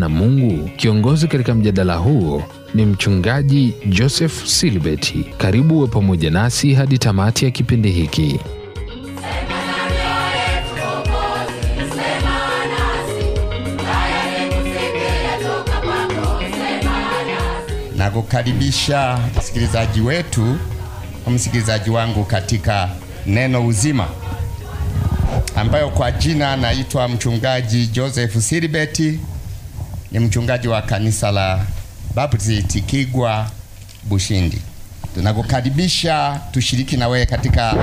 na Mungu. Kiongozi katika mjadala huo ni Mchungaji Joseph Silbeti. Karibu we pamoja nasi hadi tamati ya kipindi hiki. Nakukaribisha msikilizaji wetu msikilizaji wangu katika neno uzima, ambayo kwa jina naitwa mchungaji Joseph Silibeti, ni mchungaji wa kanisa la Baptist Kigwa Bushindi. Tunakukaribisha tushiriki na wewe katika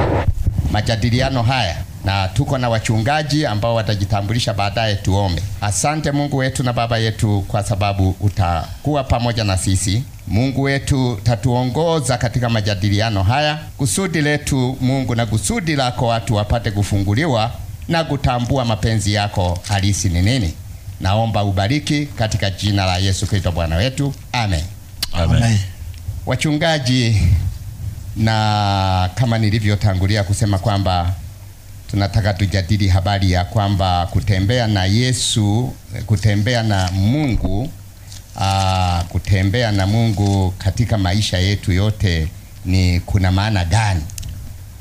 majadiliano haya, na tuko na wachungaji ambao watajitambulisha baadaye. Tuombe. Asante Mungu wetu na Baba yetu, kwa sababu utakuwa pamoja na sisi. Mungu wetu, tatuongoza katika majadiliano haya. Kusudi letu Mungu na kusudi lako watu wapate kufunguliwa na kutambua mapenzi yako halisi ni nini. Naomba ubariki katika jina la Yesu Kristo Bwana wetu Amen. Amen. Amen. Wachungaji, na kama nilivyotangulia kusema kwamba tunataka tujadili habari ya kwamba kutembea na Yesu, kutembea na Mungu aa, ah, kutembea na Mungu katika maisha yetu yote ni kuna maana gani?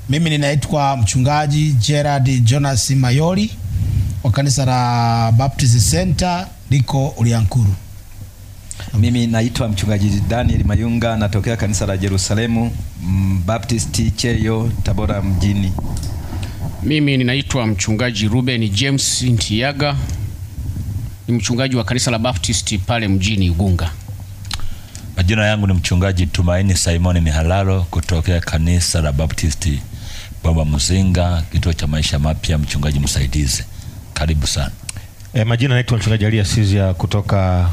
Mimi ninaitwa mchungaji Gerard Jonas Mayoli wa kanisa la Baptist Center liko Uliankuru. Mimi naitwa mchungaji Daniel Mayunga, natokea kanisa la Yerusalemu Baptist Cheyo, Tabora mjini. Mimi ninaitwa mchungaji Ruben James Ntiyaga, ni mchungaji wa kanisa la Baptist pale mjini Igunga. Majina yangu ni mchungaji Tumaini Simon Mihalalo kutokea kanisa la Baptist Baba Mzinga, kituo cha maisha mapya, mchungaji msaidizi. Karibu sana. E, majina naitwa Mchungaji Elia Sizia kutoka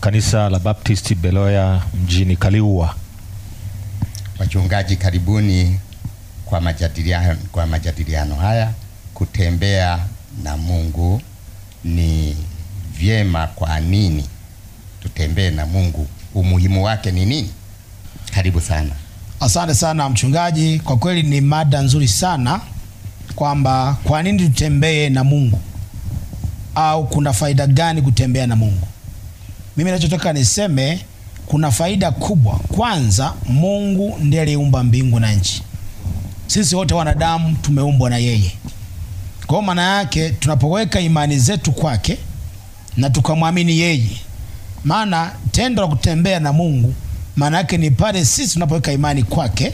kanisa la Baptist Beloya mjini Kaliua. Wachungaji karibuni kwa majadiliano, kwa majadiliano haya. Kutembea na Mungu ni vyema. Kwa nini tutembee na Mungu? Umuhimu wake ni nini? Karibu sana. Asante sana mchungaji, kwa kweli ni mada nzuri sana kwamba kwa nini tutembee na Mungu au kuna faida gani kutembea na Mungu? Mimi nachotaka niseme kuna faida kubwa. Kwanza, Mungu ndiye aliumba mbingu na nchi. Sisi wote wanadamu tumeumbwa na yeye. Kwa maana yake tunapoweka imani zetu kwake na tukamwamini yeye, maana tendo la kutembea na Mungu maana yake ni pale sisi tunapoweka imani kwake,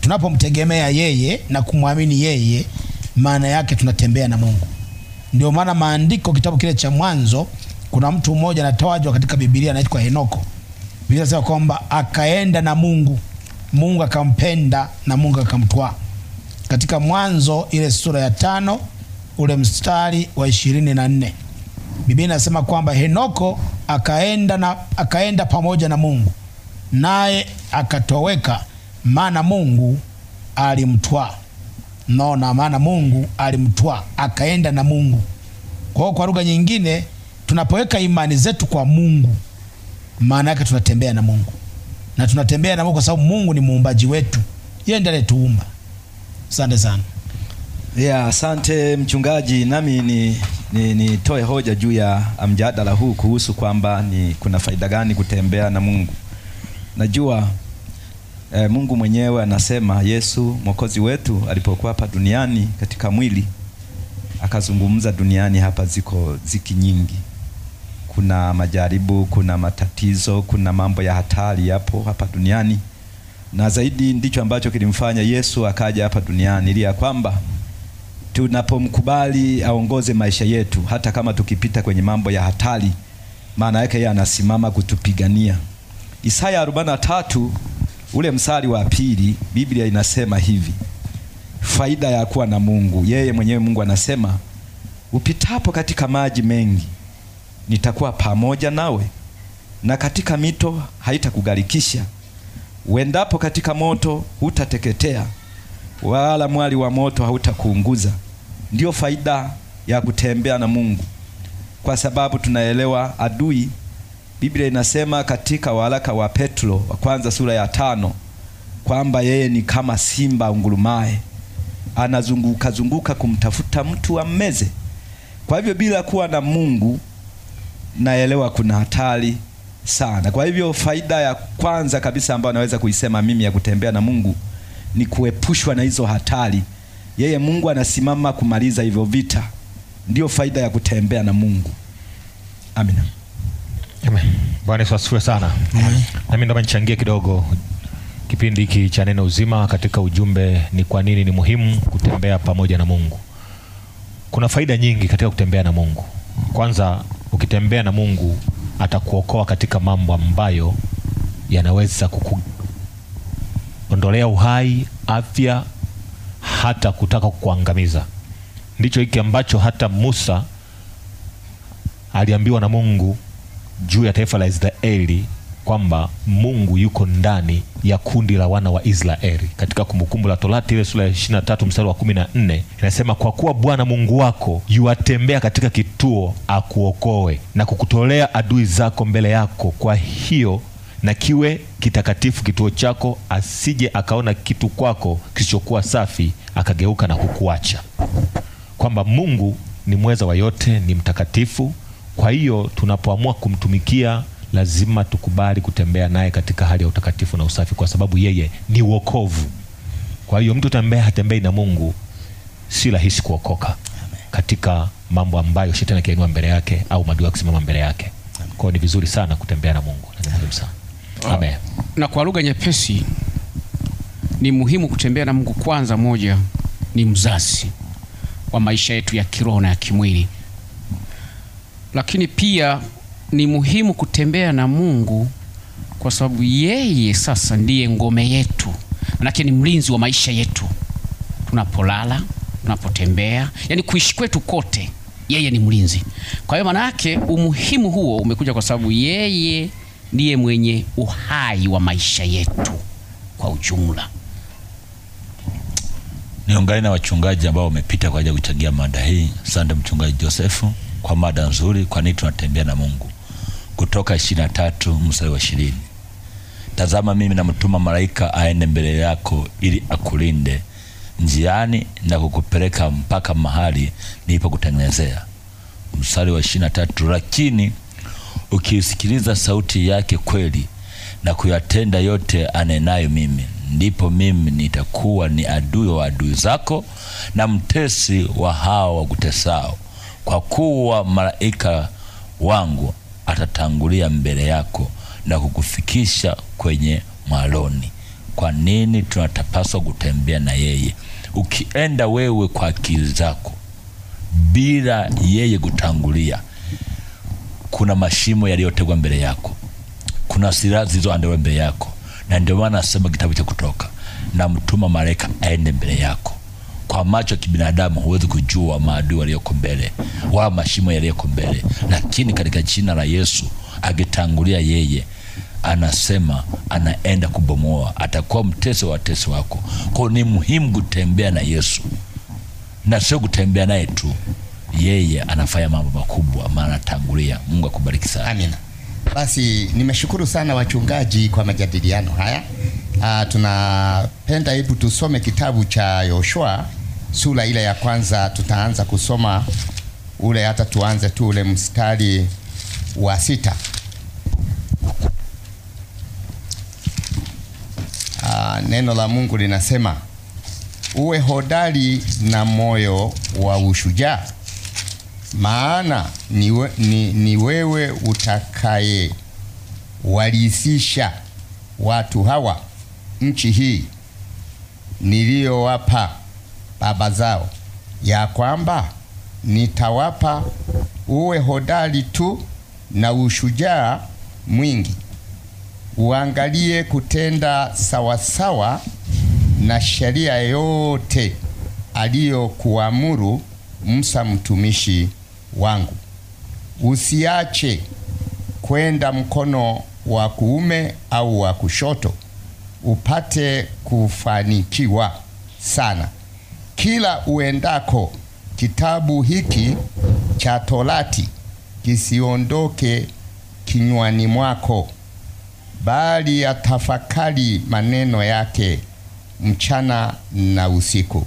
tunapomtegemea yeye na kumwamini yeye, maana yake tunatembea na Mungu. Ndio maana maandiko kitabu kile cha Mwanzo, kuna mtu mmoja anatawajwa katika Biblia anaitwa Henoko. Biblia inasema kwamba akaenda na Mungu, Mungu akampenda na Mungu akamtwaa. Katika Mwanzo ile sura ya tano ule mstari wa ishirini na nne Biblia inasema kwamba Henoko akaenda, na, akaenda pamoja na Mungu naye akatoweka, maana Mungu alimtwaa. Naona maana Mungu alimtwaa, akaenda na Mungu. Kwa hiyo kwa lugha nyingine, tunapoweka imani zetu kwa Mungu, maana yake tunatembea na Mungu na tunatembea na Mungu kwa sababu Mungu ni muumbaji wetu, yeye ndiye aliyetuumba. Asante sana. Yeah, asante mchungaji. Nami ni nitoe ni hoja juu ya mjadala huu kuhusu kwamba ni kuna faida gani kutembea na Mungu. Najua eh, Mungu mwenyewe anasema Yesu mwokozi wetu alipokuwa hapa duniani katika mwili akazungumza duniani hapa ziko ziki nyingi, kuna majaribu, kuna matatizo, kuna mambo ya hatari yapo hapa duniani, na zaidi ndicho ambacho kilimfanya Yesu akaja hapa duniani ili ya kwamba tunapomkubali aongoze maisha yetu, hata kama tukipita kwenye mambo ya hatari, maana yake yeye anasimama kutupigania. Isaya 43 ule msari wa pili, Biblia inasema hivi: faida ya kuwa na Mungu. Yeye mwenyewe Mungu anasema, upitapo katika maji mengi nitakuwa pamoja nawe, na katika mito haitakugalikisha Uendapo katika moto hutateketea, wala mwali wa moto hautakuunguza. Ndiyo faida ya kutembea na Mungu, kwa sababu tunaelewa adui. Biblia inasema katika waraka wa Petro wa kwanza sura ya tano kwamba yeye ni kama simba ungurumaye anazunguka zunguka kumtafuta mtu ammeze. Kwa hivyo bila kuwa na Mungu, naelewa kuna hatari sana. Kwa hivyo faida ya kwanza kabisa ambayo naweza kuisema mimi ya kutembea na Mungu ni kuepushwa na hizo hatari. Yeye Mungu anasimama kumaliza hivyo vita. Ndiyo faida ya kutembea na Mungu. Amina. Bwana asifiwe sana. Amen. Na mimi ndo nichangie kidogo. Kipindi hiki cha Neno Uzima katika ujumbe ni kwa nini ni muhimu kutembea pamoja na Mungu. Kuna faida nyingi katika kutembea na Mungu. Kwanza, ukitembea na Mungu atakuokoa katika mambo ambayo yanaweza kukuondolea uhai, afya, hata kutaka kukuangamiza. Ndicho hiki ambacho hata Musa aliambiwa na Mungu juu ya taifa la Israeli kwamba Mungu yuko ndani ya kundi la wana wa Israeli. Katika Kumbukumbu la Torati ile sura ya 23 mstari wa 14 inasema, kwa kuwa Bwana Mungu wako yuwatembea katika kituo akuokoe na kukutolea adui zako mbele yako, kwa hiyo na kiwe kitakatifu kituo chako, asije akaona kitu kwako kisichokuwa safi akageuka na kukuacha. Kwamba Mungu ni mweza wa yote, ni mtakatifu. Kwa hiyo tunapoamua kumtumikia lazima tukubali kutembea naye katika hali ya utakatifu na usafi, kwa sababu yeye ni wokovu. Kwa hiyo mtu ambaye hatembei na Mungu si rahisi kuokoka katika mambo ambayo shetani akiinua mbele yake au maadui akisimama mbele yake. Kwa hiyo ni vizuri sana kutembea na Mungu, ah, Amen. Na kwa lugha nyepesi, ni muhimu kutembea na Mungu. Kwanza, moja ni mzazi wa maisha yetu ya kiroho na ya kimwili, lakini pia ni muhimu kutembea na Mungu kwa sababu yeye sasa ndiye ngome yetu, manake ni mlinzi wa maisha yetu, tunapolala, tunapotembea, yani kuishi kwetu kote, yeye ni mlinzi. Kwa hiyo manake umuhimu huo umekuja kwa sababu yeye ndiye mwenye uhai wa maisha yetu kwa ujumla. Niungane na wachungaji ambao wamepita kwa ajili ya kuchangia mada hii. Asante mchungaji Josefu kwa mada nzuri, kwa nini tunatembea na Mungu, Kutoka ishirini na tatu mstari wa ishirini tazama mimi namtuma malaika aende mbele yako ili akulinde njiani na kukupeleka mpaka mahali kutengenezea. Mstari wa ishirini na tatu lakini ukiisikiliza sauti yake kweli na kuyatenda yote anenayo mimi, ndipo mimi nitakuwa ni adui wa adui zako na mtesi wa hao wakutesao kwa kuwa malaika wangu atatangulia mbele yako na kukufikisha kwenye mwaloni. Kwa nini tunatapaswa kutembea na yeye? Ukienda wewe kwa akili zako bila yeye kutangulia, kuna mashimo yaliyotegwa mbele yako, kuna silaha zilizoandaliwa mbele yako, na ndio maana nasema kitabu cha Kutoka, namtuma malaika aende mbele yako kwa macho ya kibinadamu huwezi kujua maadui walioko mbele wao mashimo yaliyoko mbele, lakini katika jina la Yesu akitangulia yeye anasema anaenda kubomoa, atakuwa mtesi wa watesi wako. Kwa ni muhimu kutembea na Yesu na sio kutembea naye tu, yeye anafanya mambo makubwa, maana anatangulia. Mungu akubariki sana, amina. Basi nimeshukuru sana wachungaji kwa majadiliano haya. Uh, tunapenda hebu tusome kitabu cha Yoshua sura ile ya kwanza tutaanza kusoma ule, hata tuanze tu ule mstari wa sita. Aa, ah, neno la Mungu linasema uwe hodari na moyo wa ushujaa, maana ni, we, ni, ni wewe utakaye walisisha watu hawa nchi hii niliyowapa baba zao, ya kwamba nitawapa uwe hodari tu na ushujaa mwingi, uangalie kutenda sawasawa na sheria yote aliyokuamuru Musa mtumishi wangu. Usiache kwenda mkono wa kuume au wa kushoto, upate kufanikiwa sana kila uendako kitabu hiki cha Torati kisiondoke kinywani mwako, bali yatafakari maneno yake mchana na usiku,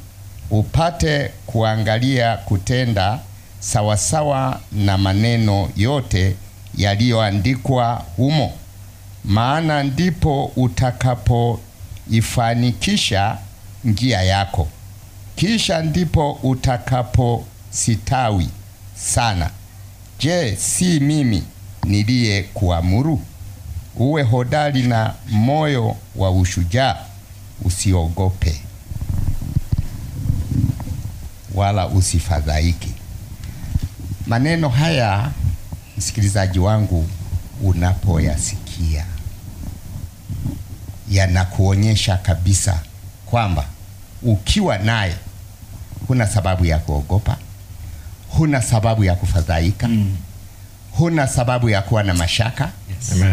upate kuangalia kutenda sawasawa na maneno yote yaliyoandikwa humo, maana ndipo utakapoifanikisha njia yako kisha ndipo utakapositawi sana. Je, si mimi niliye kuamuru? Uwe hodari na moyo wa ushujaa, usiogope wala usifadhaike. Maneno haya msikilizaji wangu, unapoyasikia yanakuonyesha kabisa kwamba ukiwa naye huna sababu ya kuogopa, huna sababu ya kufadhaika mm. huna sababu ya kuwa na mashaka yes.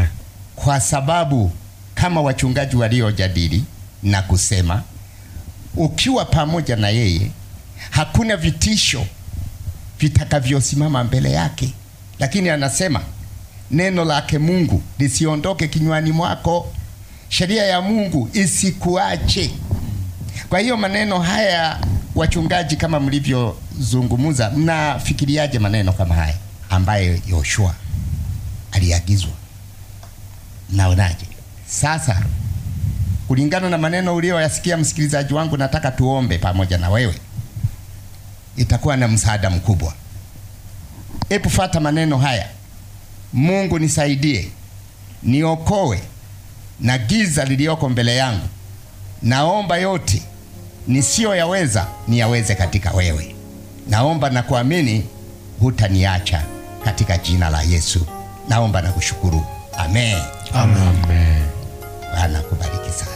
kwa sababu kama wachungaji waliojadili na kusema, ukiwa pamoja na yeye hakuna vitisho vitakavyosimama mbele yake, lakini anasema neno lake Mungu lisiondoke kinywani mwako, sheria ya Mungu isikuache. Kwa hiyo maneno haya wachungaji, kama mlivyozungumza, mnafikiriaje maneno kama haya ambayo Yoshua aliagizwa? Naonaje sasa, kulingana na maneno uliyoyasikia msikilizaji wangu, nataka tuombe pamoja na wewe, itakuwa na msaada mkubwa. Hebu fata maneno haya: Mungu nisaidie, niokoe na giza liliyoko mbele yangu, naomba yote nisiyoyaweza niyaweze katika wewe. Naomba na kuamini hutaniacha katika jina la Yesu. Naomba na kushukuru. Amen. Amen. Amen. Bwana kubariki sana.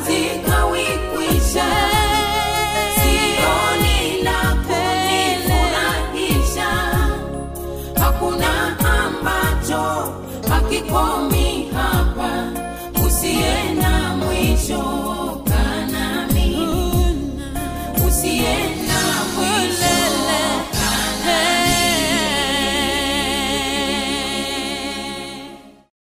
quase